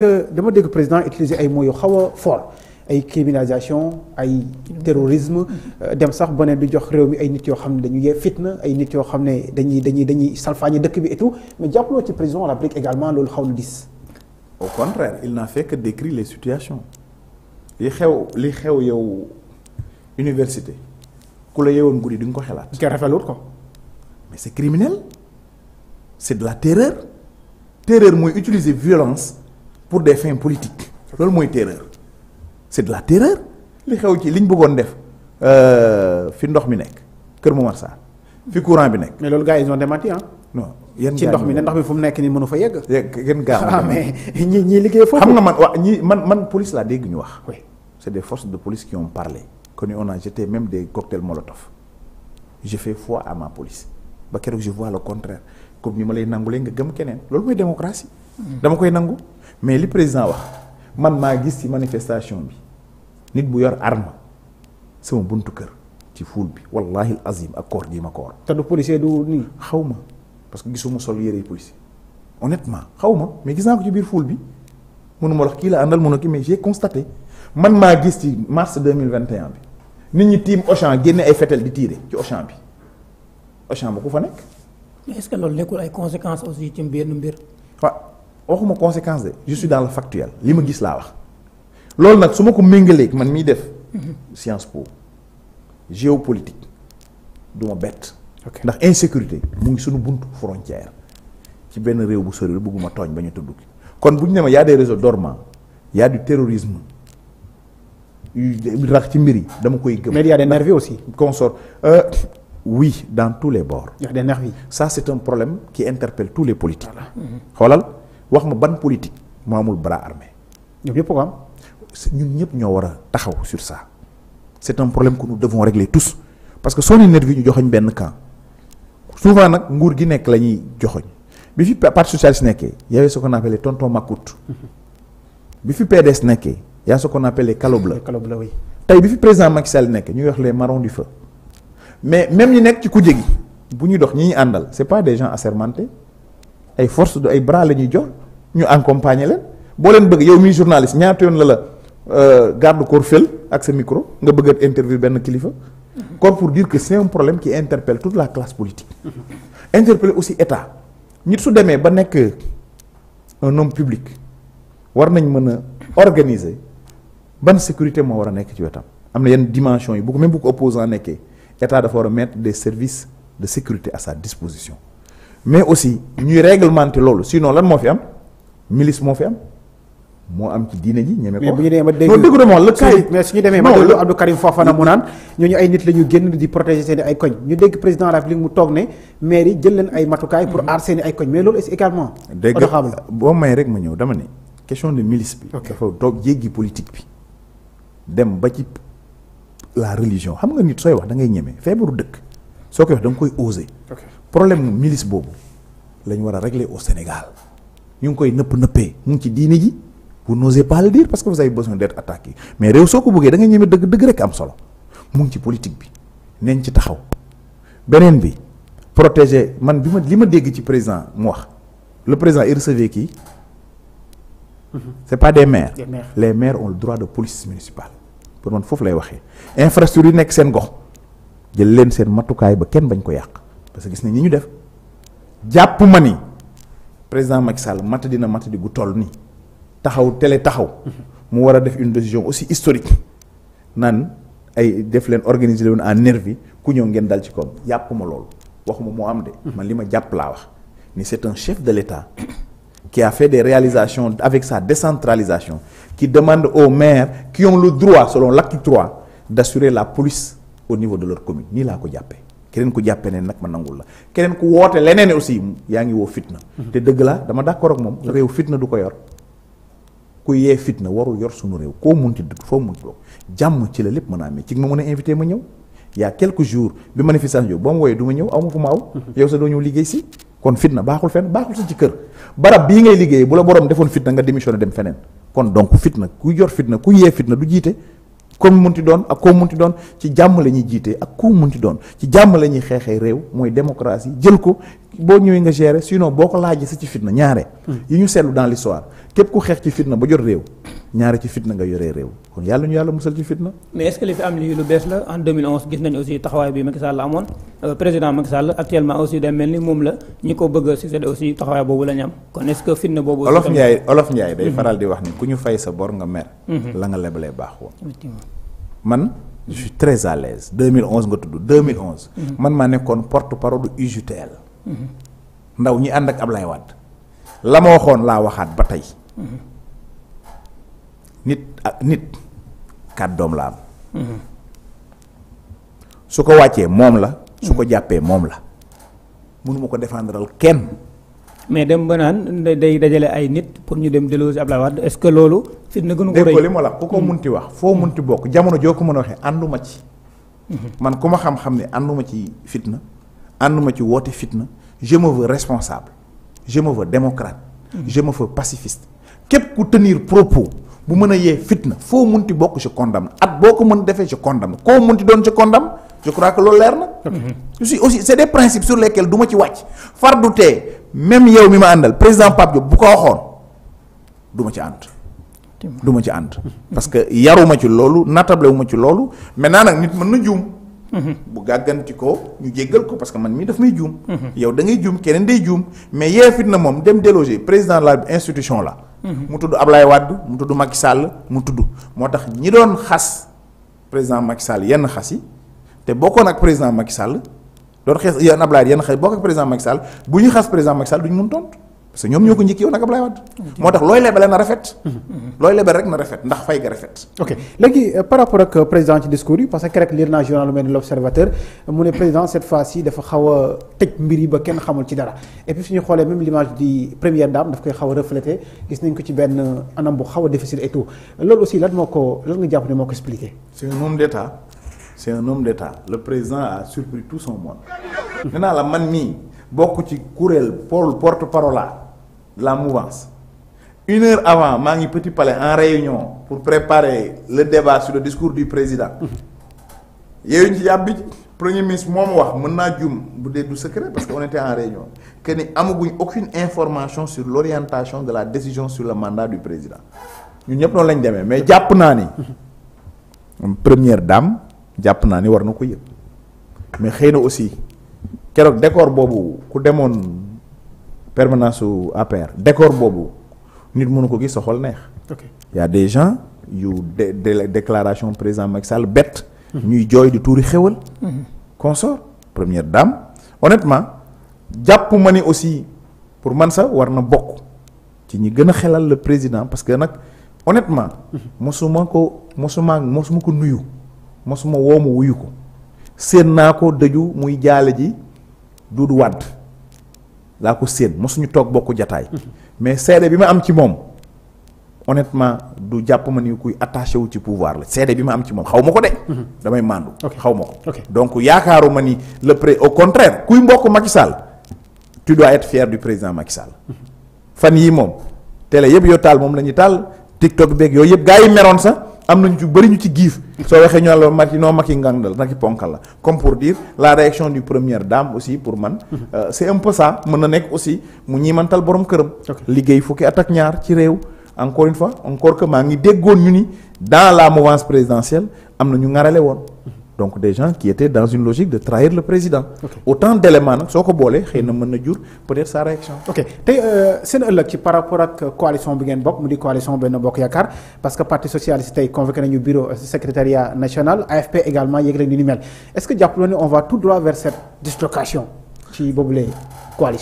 dama dégg président utiliser ay mots yu xaw a fort ay criminalisation ay terrorisme euh, dem sax bone bi jox réew mi ay nit yoo xam ne dañu yee fitna ay nit yoo xam ne dañuy dañuy dañuy salfaañe dëkk bi et tout mais jàppaloo ci président la République également loolu xaw na dis au contraire il n'a fekk que décrire les situations li xew li xew yow université ku la yeewoon guddi di ko xelaat nga rafetlu ko mais c'est criminel c'est de la terreur terreur mooy utiliser violence pour des fins politiques loolu mooy terreur c'est de la terreur li xew ci liñ bëggoon def euh, fi ndox mi nekk Kër Momar Sarr fi courant bi nekk. mais loolu gars yi ils ont démenti ah. non yéen ci ndox mi ne ndox mi fu mu nekk nii mënu fa yegg. yéen gars ah ñi ñi liggéey foofu. xam nga man ñi man man police laa dégg ñu wax. oui des forces de police qui ont parlé. que ni on a jeté même des cocktails molotov je fais foi à ma police ba keroog je vois le contraire comme ni ma lay nangulee nga gëm keneen loolu mooy démocratie. dama koy nangu mais li président wax man maa gis ci manifestation bi nit bu yor arme sama buntu kër ci fuul bi wallahi al azim ak koor gi ma koor. te du policier du nii. xaw ma parce que gisuma sol yére policier honnêtement xaw ma mais gis naa ko ci biir fuul bi mënuma wax kii la àndal mënuma kii mais j'ai constaté man maa gis ci mars deux mille vingt et bi nit ñi tiim Auchan génne ay fetel di tiire ci Auchan bi Auchan ba ku fa nekk. mais loolu nekkul ay conséquences aussi ci benn mbir. waaw waxuma conséquence de je suis dans le factuel li ma gis laa wax loolu nag su ma ko méngaleeg man miy def Sciences Po géopolitique du ma bett ndax insécurité mu ngi suñu buntu frontière ci benn réew bu sori bëgguma tooñ ba ñu tudd kon bu ñu demee yaa a des réseaux dormants y du terrorisme rax ci mbir yi dama koy gëm mais y a des nervis aussi consort euh, oui dans tous les bords y a des nervis ça c'est un problème qui interpelle tous les politiques xoolal wax ma ban politique moo amul bras armé. ñoom ñëpp am. ñun ñëpp ñoo war a taxaw sur ça c' est un problème que nous devons régler tous parce que soo ne nervi ñu joxoñ benn camp souvent nag nguur gi nekk la ñuy joxoñ bi fi parti socialiste nekkee y avait ce qu'on appelait tonton Macoute mhm. bi fi PDS nekkee y a ce qu'on appelle les tey bi fi président Macky Sall nekk ñu wax les marrons du feu mais même ñi nekk ci kujje gi bu ñuy dox ñi ñu àndal c' est pas des gens assermentés ay force de ay bras la ñuy jox ñu accompagner leen boo leen bëgg yow miy journaliste ñaata yoon la la euh, garde corps fël ak sa micro nga bëgg a interview benn kilifa. kon pour dire que c'est problème qui interpelle tout la classe politique. interpelle aussi état nit su demee ba nekk un homme public war nañ mën a organiser ban sécurité moo war a nekk ci wetam. am na yenn dimension yi bu ko même bu ko opposant nekkee état dafa war a mettre des services de sécurité à sa disposition. mais aussi ñuy réglementer loolu sinon lan moo fi am milice moo fi am moo am ci diine ji ñeme ko. bu ñu demee ba dégg mais su ñu demee ba dégg Abdou Karim Fofana mu naan ñooñu ay nit la ñu génn di protéger seen ay koñ ñu dégg président de la République mu toog ne maire jël leen ay matukaay pour mm-hmm. aar seen ay koñ mais loolu aussi également. boo may rek ma ñëw dama ne question de milice bi. dafa toog jéggi politique bi dem ba ci la religion xam nga nit sooy wax da ngay ñeme feebaru dëkk soo koy wax koy oser. problème mu milice boobu la ñu war a régler au Sénégal ñu ngi koy nëpp nëppee mu ngi ci diine ji vous n'osez pas le dire parce que say avez besoin d'être attaqué mais réew soo ko bëggee da nga ñeme dëgg dëgg rek am solo mu ngi ci politique bi nañ ci taxaw beneen bi protéger man bi ma li ma dégg ci président mu wax le président il recevait qui c'est pas des maires les maire ont le droit de police municipale pour man foofu lay waxee infrastructure yi nekk seen gox jël leen seen matukaay ba kenn bañ ko yàq parce que gis ni ñu def jàpp ma ni président Macky Sall mat dina mat di gu toll nii taxaw télé taxaw mu war a def une décision aussi historique naan ay def leen organiser leen en nervi ku ñëw ngeen dal ci koom jàpp ma loolu waxuma moo am de. man li ma jàpp laa wax ni c'est un chef de l'État qui a fait des réalisations avec sa décentralisation qui demande au maires qui ont le droit selon l'acte 3 d'assurer la police au niveau de leur commune ni laa ko jàppee. keneen ku jàppee ne nag ma nangul la keneen ku woote leneen aussi yaa ngi woo fitna. Mhm. te dëgg la dama d'accord ak moom. réew fitna du ko yor. ku yee fitna warul ci la lépp mën a amee ci ma mën ma a quelques jours bi ma ñëw aw ma ma aw. Mhm. yow sa doo si. kon fitna baaxul fenn baaxul sa ci kër barab bii ngay liggéey bu la borom defoon fitna nga démissionné dem feneen kon donc fitna ku yor fitna ku yee fitna du jiite. comme munti doon ak koo munti doon ci jàmm la ñuy jiitee ak koo munti doon ci jàmm la ñuy xeexee réew mooy démocratie jël ko boo ñëwee nga gérer sinon boo ko laajee sa ci fitna ñaare. Hmm. yi ñu seetlu dans l'histoire képp ku xeex ci fitna ba jot réew ñaare ci fitna nga yoree réew kon yàlla ñu yàlla musal ci fitna. mais est-ce li la en amoon euh, président Macky Sall actuellement aussi day mel ni moom la ñi ko bëgg a succéder aussi taxawaay boobu la ñu am kon est-ce que fitna boobu. aussi olof Ndiaye olof Ndiaye day hmm. faral di wax ni ku ñu sa bor nga mer. Hmm. la nga lebalee baax woon. man nekkoon porte ndaw ñi ànd ak Ablaye Wade la ma waxoon laa waxaat ba tey nit ak ah, nit kàddoom la am su ko wàccee moom la su ko jàppee moom la mënuma ko défendral kenn mais dem ba naan day dajale ay nit pour ñu dem déloger Ablaye Wade est-ce que loolu fitna gënu ko rëy dégg li ma la ku ko hmm. munti wax foo munti bokk jamono joo ko mën a waxee ànduma ci hmm. man ku ma xam-xam ne ànduma ci fitna ànduma ci woote fitna je me responsable je me veux démocrate. Mhm. je me pacifiste. képp ku tenir propos bu mën a yee fitna foo munti bokk je condamne at boo ko mën defee je condamne koo munti doon je condamne je crois que loolu leer na. Mhm. aussi aussi c' est des principes sur lesquels du ma ci wàcc far du tee même yow mi ma àndal président Pape Diop bu ko waxoon du ma ci ànd. duma ci ànd. parce que yaruma ci loolu nattable wu ci loolu maintenant nag nit mën na juum. bu gàgganti ko ñu jéggal ko parce que man mii daf may juum. yow da ngay juum keneen day juum mais yeefit na moom dem déloger président de la institution la. mu tudd Ablaye Wade mu tudd Macky Sall mu tudd moo tax ñi doon xas président Macky Sall yenn xas yi te bokkoon ak président Macky Sall doon xees yenn Ablaye yenn xas yi bokk ak président Macky Sall bu ñu xas président Macky Sall du ñu mun tontu. parce ñoom ñoo ko njëkk yow nag Ablaye Wade moo tax looy lebale na rafet looy lebal rek na rafet ndax fay ga rafet ok léegi euh, par rapport ak euh, président ci discours yi parce que keroog liir naa journal mel ni l'observateur mu xaw a mbir yi ba kenn xamul ci dara et puis suñu xoolee même l'image di première dame daf koy xaw a reflété gis nañ ko ci benn euh, anam bu xaw a difficile et tout aussi lan moo ko lan nga moo ko expliqué c'est un homme d'état le président a surpris tout son monde naa la man nii bokk ci kuréel pôle porte-parole la mouvance une heure avant maa ngi Petit pale en réunion pour préparer le débat sur le discours du président yooyu ñu ci yàbbi premier ministre moom wax mën naa jum bu dee du secret parce que on en réunion que ni amaguñ aucune information sur l'orientation de la décision sur le mandat du président ñun ñëpp noonu lañ demee mais jàpp naa ni première dame jàpp naa ni war na ko yëpp mais xëy na aussi keroog décor boobu ku demoon. permanence su APR boobu nit mënu ko gis sa xol neex. ok des gens yu de de déclaration président Macky Sall bett. ñuy jooy di tuuri xéwal. consort première dame honnêtement jàpp ma ni aussi pour man sax war na bokk ci ñi gën a xelal la président parce que nag honnêtement. mosuma ko mosuma mosuma ko nuyu mosuma woo ma wuyu ko. seen naa ko dëju muy jaale ji Doudou Wade. laa ko séen mosuñu toog bokk jataay mais seede bi ma am ci moom honnêtement du jàpp ma ni kuy attaché wu ci pouvoir la seede bi ma am ci moom xaw ma ko de. damay màndu xaw ma ko. donc yaakaaru ma ni le pré au contraire kuy mbokk Macky Sall tu dois être fier du président Macky Sall. fan yii moom télé yëpp yoo taal moom la ñuy taal TikTok beeg yooyu yëpp gaa yi meroon sax. am nañu ci bëri ñu ci giif soo waxee ñu la Macky non Macky ngang la Macky ponkal la comme pour dire la réaction du première dame aussi pour man mhm. euh, c'est un peu mën na nekk aussi mu ñiimantal borom këram liggéey fukki at ak ñaar ci réew encore une fois encore que maa ngi déggoon ñu ni dans la mouvance présidentielle am na ñu ngarale woon mhm. donc des gens qui étaient dans une logique de trahir le président. Okay. autant d'éléments nag soo ko boolee xëy mën na jur peut-être sa réaction. ok tey euh, seen ëllëg ci par rapport ak coalition bi ngeen bokk mu di coalition Benno Bokk Yaakaar parce que parti socialiste tey convoqué nañu bureau euh, secrétariat national AFP également yëg leen ni mel est-ce que jàpp na ne on va tout droit vers cette dislocation ci boobule coalition.